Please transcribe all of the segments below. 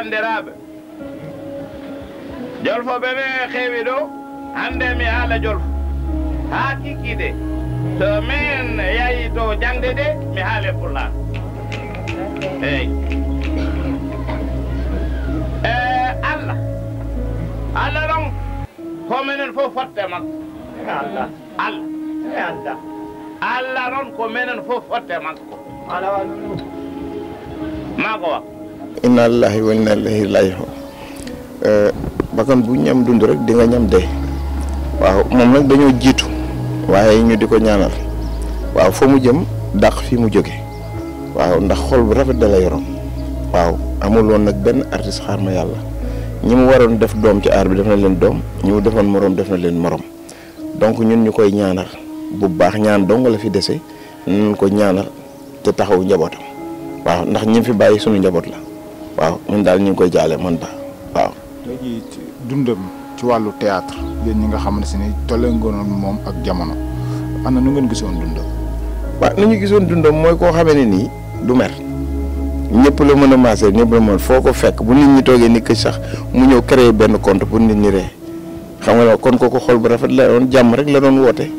bandiraɓe jolfo ɓeɓe que ɗo ande mi ala jolfo haa de de. men yahi to jangde de mi ala pullan Hey, eh allah allah ɗon kominen fof fotte man. allah allah eh, allah allah ɗon ko minen ala fotte inna lillahi wa inna ilaihi raji'un euh bakam bu ñam dund rek di nga ñam de waaw mom nak dañu jitu waye ñu diko ñaanal waaw fa mu jëm dakh fi mu joge waaw ndax xol bu rafet da waaw amul won nak ben artiste xaar ma ñi mu waron def dom ci art bi def na len dom ñi mu morom def na len morom donc ñun ñukoy ñaanal bu baax ñaan dong la fi dese nañ ko ñaanal te taxaw njabotam waaw ndax ñi fi bayyi suñu njabot la waaw ñun daal ñu ngi koy jaale man ba waaw. léegi dundam ci wàllu théâtre yéen ñi nga xamante ne tolloo ngoonoon moom ak jamono na nu ngeen gisoon dundam. waaw nu ñu gisoon dundam mooy koo xamee ne nii du mer ñëpp la mën a maase ñëpp la mën foo ko fekk bu nit ñi toogee ni sax mu ñëw créer benn compte pour nit ñi ree xam nga kon kooku bu rafet la doon jàmm rek la doon woote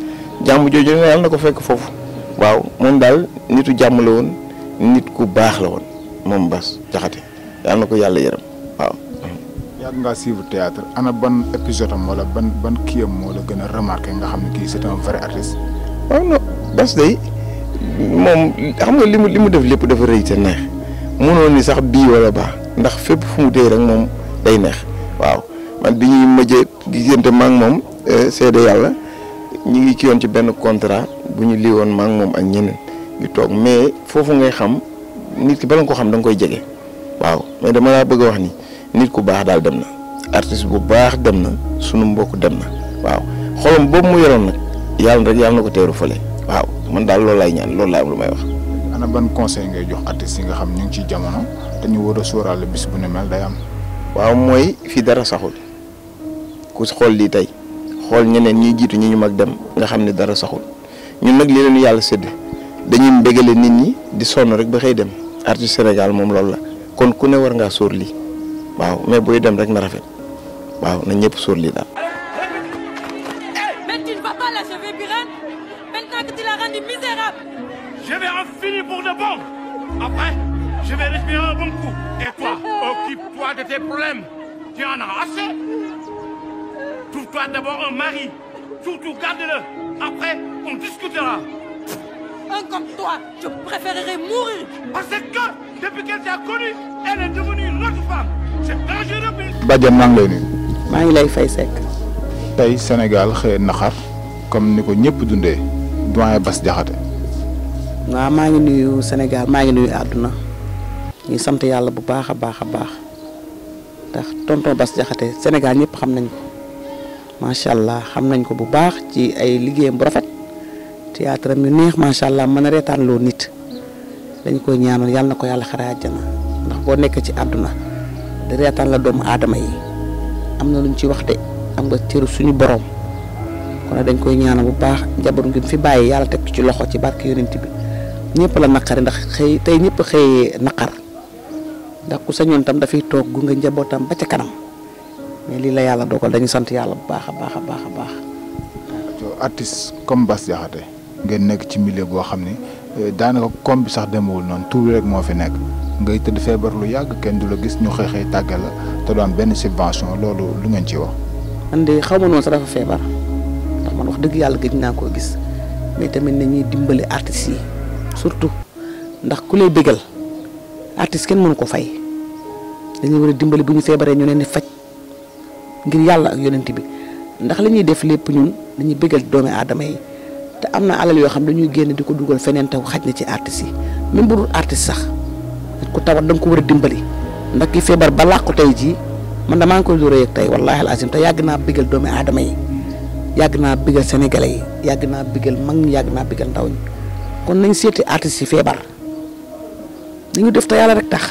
jàmm jooju ne yàlla na ko fekk foofu waaw moom daal nitu jàmm la woon nit ku baax la woon moom Bass Diakhaté yàlla na ko yàlla yaram waaw. yàgg ngaa suivre théâtre ana ban épisode am wala ban ban kii am moo la gën a remarqué nga xam ne kii c'est un vrai artiste. waaw moom nga li mu li mu def lépp dafa rëy te neex mënoon ni sax bii wala baax ndax fépp fu mu téye rek moom day neex waaw man bi ñuy mujjee diggante ma ak moom euh, seede yàlla ñu ngi kii woon ci benn contrat bu ñu lii woon ma ak moom ak ñeneen ñu toog mais foofu ngay xam nit ki bala nga ko xam da nga koy jege. waaw mais dama la bëgg wax ni nit ku baax daal dem na artiste bu baax dem na sunu mbokk dem na waaw xolam boobu mu yoroon nag yàlla rek yàlla na ko teeru fële waaw man daal loolu lay ñaan loolu lay am lu may wax. ana ban conseil ngay jox artiste yi nga xam ñu ngi ci jamono te ñu war a sóoraale bis bu ne mel day am. waaw mooy fii dara saxul ku xool lii tey xool ñeneen ñuy jiitu ñi ñu mag dem nga xam ne dara saxul ñun nag li ñu yàlla sédd dañuy mbégale nit ñi di sonn rek ba xëy dem artiste Sénégal moom loolu la. kon ne war pas mais boy dem rek na rafet na eh, mais tu ne vas pas l'achever, Biren. Maintenant que tu l'as rendu misérable. Je vais en finir pour de bon. Après, je vais respirer un bon coup. Et toi, occupe-toi de tes problèmes. Tu en as assez. Trouve-toi d'abord un mari. Surtout, garde-le. Après, on discutera. Un comme toi, je préférerais mourir. Parce que depuis qu'elle t'a connu, Elle est maa ngi lay nuyu. maa ngi lay fay sekk. tey Sénégal xëy naxar comme ni ko ñëpp dundee doyen bas Diakhaté. waa maa ngi nuyu Sénégal maa ngi nuyu àdduna ñu sant yàlla bu baax a baax a baax ndax tonton Bass Diakhaté Sénégal ñëpp xam nañ ko macha allah xam nañ ko bu baax ci ay liggéeyam bu rafet théâtre am yu neex macha allah mën a reetaan loo nit dañ koy ñaanal yàlla na ko yàlla xare na ndax boo nekk ci àdduna di la doomu aadama yi am na lu luñ ci wax de am nga cëru suñu borom kon dañ koy ñaanal bu baax jabar ngi fi bàyyi yàlla teg ci loxo ci barke yonent bi ñëpp la naqari ndax xëy tey ñëpp xëyee naqar ndax ku sañoon tam dafay toog gu nga njabootam ba ca kanam mais lii la yàlla doo ko dañu sant yàlla bu baax a baax a baax a baax. artiste comme Bass Diakhaté ngeen nekk ci milieu boo xam ne eh, daanaka comme bi sax demewul noonu tuuti moo fi nekk. ngay tëdd feebar lu yàgg kenn du la gis ñu xëy xëy tàgge la te doon benn subvention loolu lu ngeen ci wax. man de xaw ma noonu sax dafa feebar ndax man wax dëgg yàlla gëj naa koo gis mais tamit nañuy dimbali artistes yi surtout ndax ku lay bégal artiste kenn mënu ko fay dañuy war a dimbali bu ñu feebaree ñu leen di faj ngir yàlla ak yonent bi ndax li ñuy def lépp ñun dañuy bégal doomi aadama yi. te am na alal yoo xam dañuy génn di ko dugal feneen taw xaj na ci artistes yi sax. nit ku tawat ko war a dimbali ndax ki feebar ba làqu tey jii man damaa ngi koy door a yëg tey wallaahi te yàgg naa bigal doomi aadama yàgg naa bigal sénégalais yàgg naa bigal mag ñi yàgg naa bigal ndaw ñi kon nañ seeti artistes yi feebar nañu def te yàlla rek tax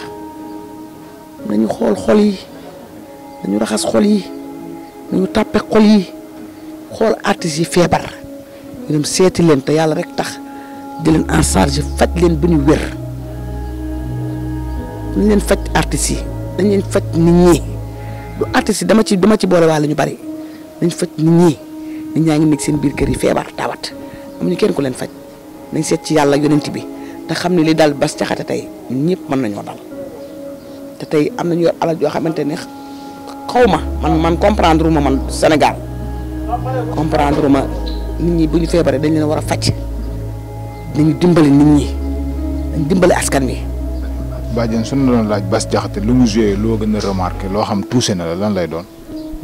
nañu xool xol yi nañu raxas xol yi nañu tàppe xol yi xool artistes yi feebar ñu dem seeti leen te yàlla rek tax di leen en charge faj leen bi ñu wér dañ leen faj artiste yi dañ leen faj nit ñi du artiste yi dama ci dama ci boole waale ñu bari dañ faj nit ñi nit ñaa ngi nekk seen biir kër yi feebar tawat amuñu kenn ku leen faj nañ seet ci yàlla yonent bi te xam ne li dal bas caxate tey ñëpp mën nañoo dal te tey am nañu yor alal yoo xamante ne xaw ma man man comprendre ma man Sénégal comprendre ma nit ñi bu ñu feebaree dañ leen war a faj nañu dimbali nit ñi dañ dimbali askan wi bàjjen su ñu doon laaj Bass Diakhaté lu mu joué loo gën a remarqué loo xam touché na la lan lay doon.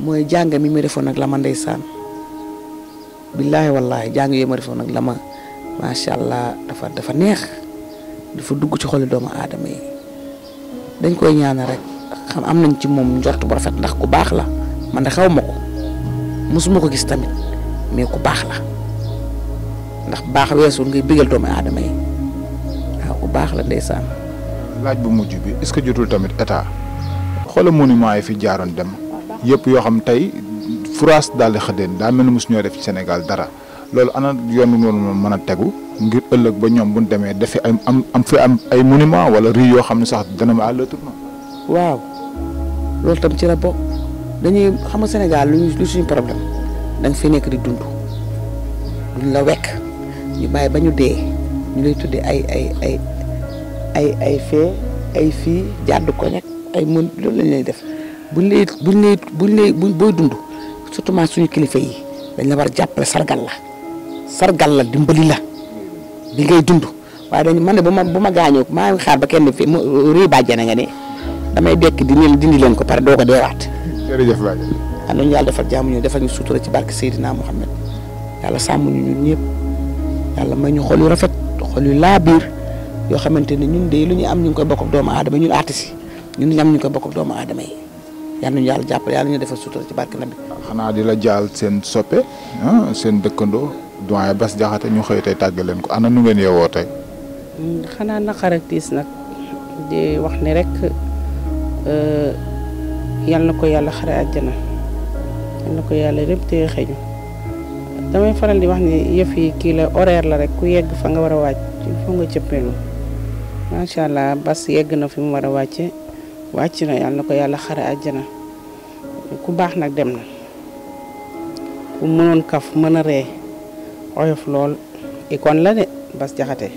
mooy jàng mi ma defoon ak la ma ndeysaan billaahi wallaahi jàng yooyu ma defoon ak la ma macha allah dafa dafa neex dafa dugg ci xolu doomu aadama yi dañ koy ñaanal rek xam am nañ ci moom njort bu rafet ndax ku baax la man de xaw ma ko mosuma ko gis tamit mais ku baax la ndax baax weesul ngay bégal doomu aadama yi waaw ku baax la ndeysaan laaj bu mujj bi est-ce que jotul tamit état xoola monument yi fi jaaroon dem yëpp yoo xam tey France daal di xëddeen daa mel ni mosu ñoo def ci Sénégal dara loolu ana yoon wi noonu mën a tegu ngir ëllëg ba ñoom bu ñu demee dafi am am am fi am ay monument wala rue yoo xam ne sax dana ma àll tournant. waaw loolu tam ci la bokk dañuy xam nga Sénégal lu lu suñu problème da fi nekk di dund duñ la wekk ñu bàyyi ba ñu dee ñu lay tuddee ay ay ay. ay ay fe ay fi jàdd ko rek ay mën loolu lañ lay def buñ lay buñ lay buñ lay boy dund surtout suñu kilifa yi dañ la war a sargal la sargal la dimbali la bi ngay dund waaye dañ man buma buma gañu ma ngi xaar ba kenn fi réy bàjjana nga ne damay bekk di leen dindi len ko par do ko jere jef Baye am ñu yalla defal jamu ñu defal ñu sutura ci barke sayyidina muhammad yalla sammu ñu ñepp yalla may ñu xol yu rafet xol yu labir yoo xamante ne ñun de lu ñu am ñu ngi koy bokk doomu aadama ñun artistes yi ñun ñu am ñu ngi koy bokk doomu aadama yi yàlla yàlla jàppale yàlla ñu defa sutura ci barke nabi xanaa di la jaal seen soppe ah seen dëkkandoo doyen bas Diakhaté ñu xëy tey tàgg leen ko ana nu ngeen yeewoo tey. xanaa naqar ak tiis nag di wax ni rek euh, yal na ko yàlla xare àjjana yal na ko yàlla lépp te xëñu damay faral di wax ni yëf yi kii la horaire la rek ku yegg fa nga war a waaj il faut nga cëppeelu macha allah bas yegg na fi mu war a wàcce wàcc na yàlla na ko yàlla xare àjjana ku baax nag dem na ku mënoon kaf mën a ree oyof lool ikoon la de bas jaxate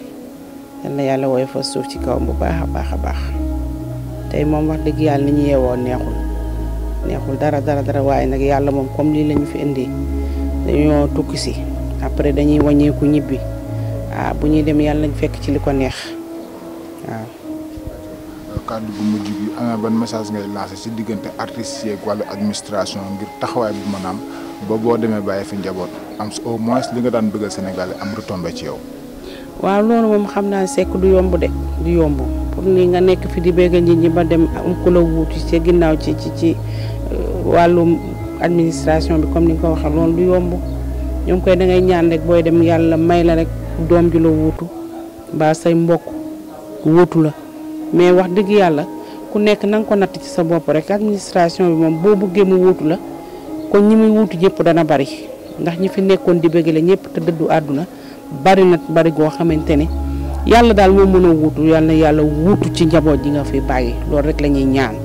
yal na yàlla woyofal suuf ci kaw bu baax a baax a baax tey moom wax dëgg yàlla ni ñu yeewoo neexul neexul dara dara dara waaye nag yàlla moom comme lii lañu fi indi dañoo tukki si après dañuy wàññeeku ñibbi ah bu ñuy dem yàlla nañ fekk ci li ko neex waaw. kàddu ban message ngay lancé ci diggante artistes yeeg wàllu administration bi mën a am demee bàyyi fi njaboot am au moins li nga daan bëggal Sénégal am ci yow. waaw loolu moom xam naa sekk du yomb de du yomb pour ni nga nekk fi di bégg nit ñi ba dem am ku la wuutu ci ginnaaw ci ci ci euh, wàllum administration bi comme ni nga ko waxee loolu du yomb ñoom koy da ñaan rek booy dem yàlla may la rek doom ju la wuutu mbaa say mbokk wóotu la mais wax deug yàlla ku nekk nang ko natt ci sa bopp rek administration bi moom boo bëggee mu wóotu la kon ñi muy wuutu yëpp dana bari ndax ñi fi nekkoon di bëggale ñëpp te dëddu àdduna bari na bari go xamante ne yàlla daal moo mën a wuutu yàlla yàlla wuutu ci njaboot ji nga fi bàyyi loolu rek la ñuy ñaan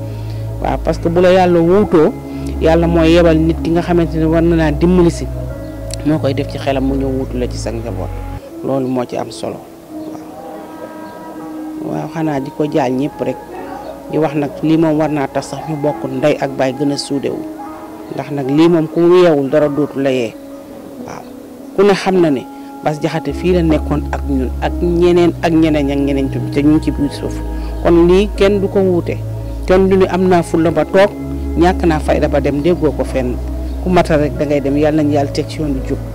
waaw parce que bu la yàlla wuutoo yàlla mooy yebal nit ki nga xamante ne war na naa dimbali si moo koy def ci xelam mu ñu wuutu la ci sa njaboot loolu moo ci am solo. waaw xanaa di ko jaal ñëpp rek di wax nag lii moom war naa tax sax ñu bokk ndey ak baay gën a suudewu ndax nag lii moom ku weewul dara dootu la yee waaw ku ne xam na ne Bass Jaxate fii la nekkoon ak ñun ak ñeneen ak ñeneen ak ñeneen tu te ñu ci biir suuf kon lii kenn du ko wuute kenn du ne am naa fulla ba toog ñàkk naa fayda ba dem déggoo ko fenn ku matal rek da ngay dem yàlla nañ yàlla teg ci yoon bi jub